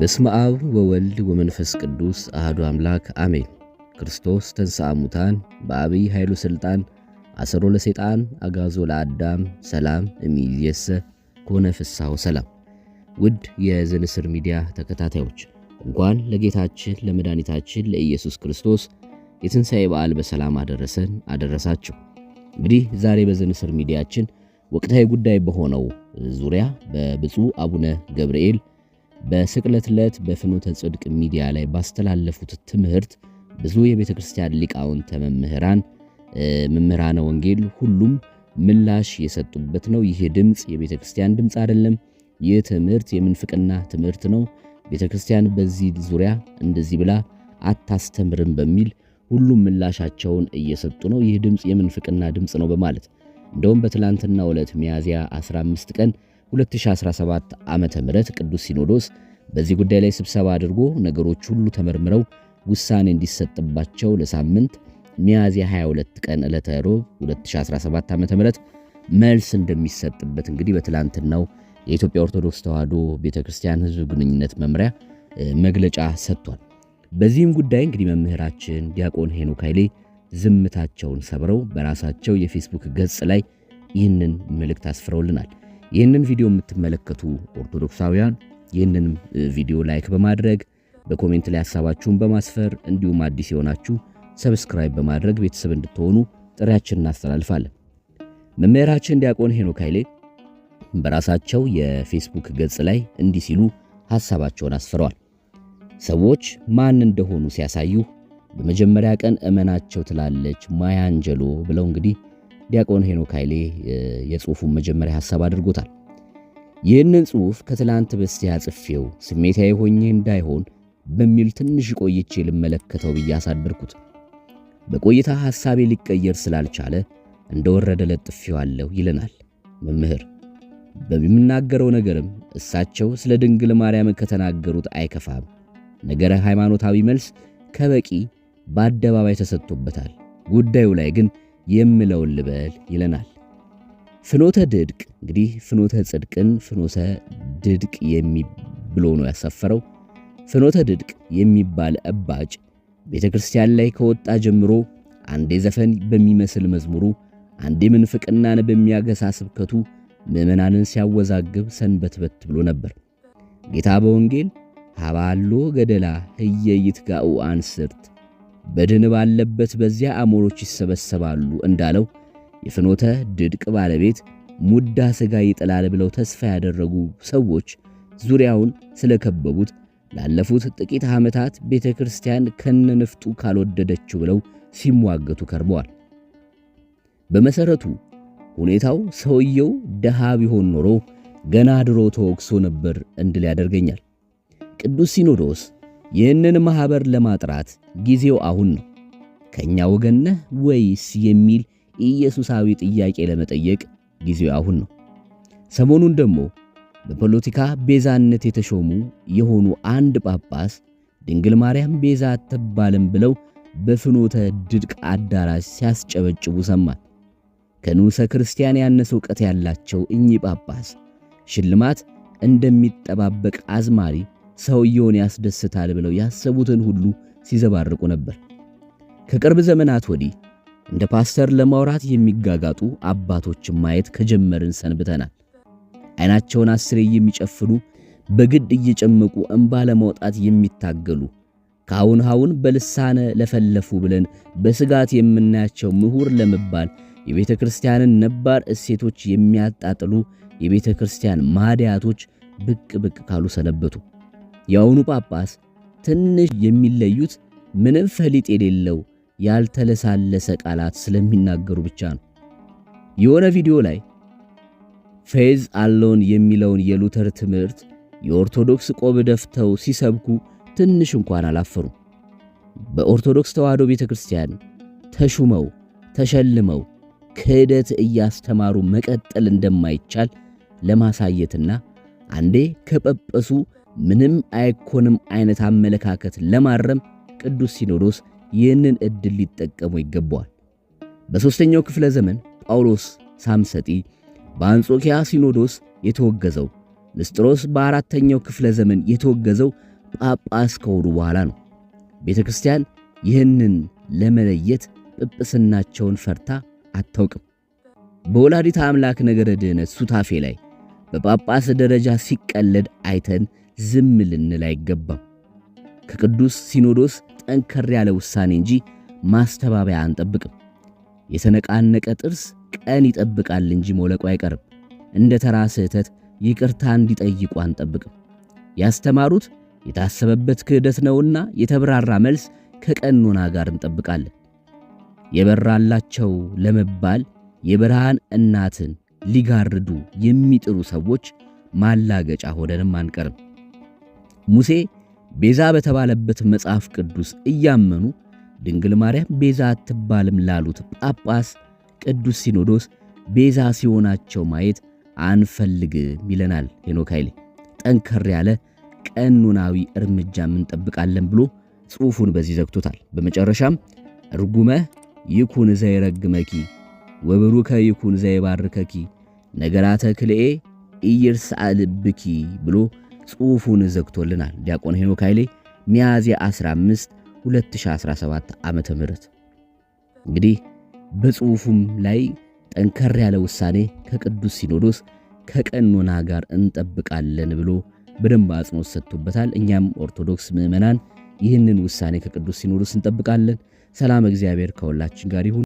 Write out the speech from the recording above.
በስመ አብ ወወልድ ወመንፈስ ቅዱስ አህዱ አምላክ አሜን። ክርስቶስ ተንሥአ እሙታን በአብይ ኃይሉ ሥልጣን አሰሮ ለሰይጣን አጋዞ ለአዳም ሰላም እምይእዜሰ ኮነ ፍስሐ ወሰላም። ውድ የዘንስር ሚዲያ ተከታታዮች እንኳን ለጌታችን ለመድኃኒታችን ለኢየሱስ ክርስቶስ የትንሣኤ በዓል በሰላም አደረሰን አደረሳችሁ። እንግዲህ ዛሬ በዘንስር ሚዲያችን ወቅታዊ ጉዳይ በሆነው ዙሪያ በብፁዕ አቡነ ገብርኤል በስቅለት ዕለት በፍኖተ ጽድቅ ሚዲያ ላይ ባስተላለፉት ትምህርት ብዙ የቤተ ክርስቲያን ሊቃውንተ መምህራን መምህራነ ወንጌል ሁሉም ምላሽ የሰጡበት ነው። ይህ ድምፅ የቤተ ክርስቲያን ድምፅ አይደለም። ይህ ትምህርት የምንፍቅና ትምህርት ነው። ቤተ ክርስቲያን በዚህ ዙሪያ እንደዚህ ብላ አታስተምርም በሚል ሁሉም ምላሻቸውን እየሰጡ ነው። ይህ ድምፅ የምንፍቅና ድምፅ ነው በማለት እንደውም በትላንትና ዕለት ሚያዝያ 15 ቀን 2017 ዓ.ም ቅዱስ ሲኖዶስ በዚህ ጉዳይ ላይ ስብሰባ አድርጎ ነገሮች ሁሉ ተመርምረው ውሳኔ እንዲሰጥባቸው ለሳምንት ሚያዝያ 22 ቀን ዕለተ ሮብ 2017 ዓ.ም መልስ እንደሚሰጥበት እንግዲህ በትላንትናው የኢትዮጵያ ኦርቶዶክስ ተዋሕዶ ቤተክርስቲያን ሕዝብ ግንኙነት መምሪያ መግለጫ ሰጥቷል። በዚህም ጉዳይ እንግዲህ መምህራችን ዲያቆን ሄኖክ ኃይሌ ዝምታቸውን ሰብረው በራሳቸው የፌስቡክ ገጽ ላይ ይህንን መልእክት አስፍረውልናል። ይህንን ቪዲዮ የምትመለከቱ ኦርቶዶክሳውያን ይህንን ቪዲዮ ላይክ በማድረግ በኮሜንት ላይ ሀሳባችሁን በማስፈር እንዲሁም አዲስ የሆናችሁ ሰብስክራይብ በማድረግ ቤተሰብ እንድትሆኑ ጥሪያችን እናስተላልፋለን። መምህራችን ዲያቆን ሄኖክ ኃይሌ በራሳቸው የፌስቡክ ገጽ ላይ እንዲህ ሲሉ ሀሳባቸውን አስፍረዋል። ሰዎች ማን እንደሆኑ ሲያሳዩ በመጀመሪያ ቀን እመናቸው ትላለች ማያ አንጀሎ ብለው እንግዲህ ዲያቆን ሄኖክ ኃይሌ የጽሑፉን መጀመሪያ ሐሳብ አድርጎታል። ይህንን ጽሑፍ ከትላንት በስቲያ ጽፌው ስሜታዊ ሆኜ እንዳይሆን በሚል ትንሽ ቆይቼ ልመለከተው ብዬ አሳደርኩት። በቆይታ ሐሳቤ ሊቀየር ስላልቻለ እንደወረደ ለጥፌዋለሁ ይለናል መምህር። በሚናገረው ነገርም እሳቸው ስለ ድንግል ማርያም ከተናገሩት አይከፋም፣ ነገረ ሃይማኖታዊ መልስ ከበቂ በአደባባይ ተሰጥቶበታል። ጉዳዩ ላይ ግን የምለውን ልበል ይለናል። ፍኖተ ድድቅ እንግዲህ ፍኖተ ጽድቅን ፍኖተ ድድቅ ብሎ ነው ያሰፈረው። ፍኖተ ድድቅ የሚባል እባጭ ቤተ ክርስቲያን ላይ ከወጣ ጀምሮ አንዴ ዘፈን በሚመስል መዝሙሩ፣ አንዴ ምንፍቅናን በሚያገሳ ስብከቱ ምእመናንን ሲያወዛግብ ሰንበትበት ብሎ ነበር። ጌታ በወንጌል ሀባሎ ገደላ ህየ አንስርት በድን ባለበት በዚያ አሞሮች ይሰበሰባሉ እንዳለው የፍኖተ ድድቅ ባለቤት ሙዳ ሥጋ ይጥላል ብለው ተስፋ ያደረጉ ሰዎች ዙሪያውን ስለከበቡት ላለፉት ጥቂት ዓመታት ቤተ ክርስቲያን ከነንፍጡ ካልወደደችው ብለው ሲሟገቱ ከርመዋል። በመሠረቱ ሁኔታው ሰውየው ደሃ ቢሆን ኖሮ ገና ድሮ ተወቅሶ ነበር እንድል ያደርገኛል። ቅዱስ ሲኖዶስ ይህንን ማኅበር ለማጥራት ጊዜው አሁን ነው። ከእኛ ወገን ነህ ወይስ የሚል ኢየሱሳዊ ጥያቄ ለመጠየቅ ጊዜው አሁን ነው። ሰሞኑን ደግሞ በፖለቲካ ቤዛነት የተሾሙ የሆኑ አንድ ጳጳስ ድንግል ማርያም ቤዛ አትባልም ብለው በፍኖተ ድድቅ አዳራሽ ሲያስጨበጭቡ ሰማን። ከንዑሰ ክርስቲያን ያነሰ እውቀት ያላቸው እኚህ ጳጳስ ሽልማት እንደሚጠባበቅ አዝማሪ ሰውየውን ያስደስታል ብለው ያሰቡትን ሁሉ ሲዘባርቁ ነበር። ከቅርብ ዘመናት ወዲህ እንደ ፓስተር ለማውራት የሚጋጋጡ አባቶችን ማየት ከጀመርን ሰንብተናል። አይናቸውን አስሬ የሚጨፍኑ በግድ እየጨመቁ እንባ ለማውጣት የሚታገሉ ካሁን አሁን በልሳነ ለፈለፉ ብለን በስጋት የምናያቸው ምሁር ለመባል የቤተ ክርስቲያንን ነባር እሴቶች የሚያጣጥሉ የቤተ ክርስቲያን ማድያቶች ብቅ ብቅ ካሉ ሰነበቱ። የአሁኑ ጳጳስ ትንሽ የሚለዩት ምንም ፈሊጥ የሌለው ያልተለሳለሰ ቃላት ስለሚናገሩ ብቻ ነው። የሆነ ቪዲዮ ላይ ፌዝ አለውን የሚለውን የሉተር ትምህርት የኦርቶዶክስ ቆብ ደፍተው ሲሰብኩ ትንሽ እንኳን አላፈሩ። በኦርቶዶክስ ተዋህዶ ቤተ ክርስቲያን ተሹመው ተሸልመው ክህደት እያስተማሩ መቀጠል እንደማይቻል ለማሳየትና አንዴ ከጳጳሱ ምንም አይኮንም አይነት አመለካከት ለማረም ቅዱስ ሲኖዶስ ይህንን ዕድል ሊጠቀሙ ይገባዋል። በሦስተኛው ክፍለ ዘመን ጳውሎስ ሳምሰጢ በአንጾኪያ ሲኖዶስ የተወገዘው፣ ንስጥሮስ በአራተኛው ክፍለ ዘመን የተወገዘው ጳጳስ ከሆኑ በኋላ ነው። ቤተ ክርስቲያን ይህንን ለመለየት ጵጵስናቸውን ፈርታ አታውቅም። በወላዲታ አምላክ ነገረ ድህነት ሱታፌ ላይ በጳጳስ ደረጃ ሲቀለድ አይተን ዝም ልንል አይገባም። ከቅዱስ ሲኖዶስ ጠንከር ያለ ውሳኔ እንጂ ማስተባበያ አንጠብቅም። የተነቃነቀ ጥርስ ቀን ይጠብቃል እንጂ መውለቁ አይቀርም። እንደ ተራ ስህተት ይቅርታ እንዲጠይቁ አንጠብቅም። ያስተማሩት የታሰበበት ክህደት ነውና የተብራራ መልስ ከቀኖና ጋር እንጠብቃለን። የበራላቸው ለመባል የብርሃን እናትን ሊጋርዱ የሚጥሩ ሰዎች ማላገጫ ሆነንም አንቀርም። ሙሴ ቤዛ በተባለበት መጽሐፍ ቅዱስ እያመኑ ድንግል ማርያም ቤዛ አትባልም ላሉት ጳጳስ ቅዱስ ሲኖዶስ ቤዛ ሲሆናቸው ማየት አንፈልግም ይለናል ሄኖክ ኃይሌ። ጠንከር ያለ ቀኖናዊ እርምጃም እንጠብቃለን ብሎ ጽሑፉን በዚህ ዘግቶታል። በመጨረሻም ርጉመ ይኩን ዘይረግመኪ ወብሩከ ይኩን ዘይባርከኪ ነገራተ ክልኤ ኢይርስዐ ልብኪ ብሎ ጽሑፉን ዘግቶልናል ዲያቆን ሄኖክ ኃይሌ ሚያዝያ 15 2017 ዓመተ ምህረት እንግዲህ በጽሑፉም ላይ ጠንከር ያለ ውሳኔ ከቅዱስ ሲኖዶስ ከቀኖና ጋር እንጠብቃለን ብሎ በደንብ አጽንኦት ሰጥቶበታል። እኛም ኦርቶዶክስ ምእመናን ይህንን ውሳኔ ከቅዱስ ሲኖዶስ እንጠብቃለን። ሰላም እግዚአብሔር ከሁላችን ጋር ይሁን።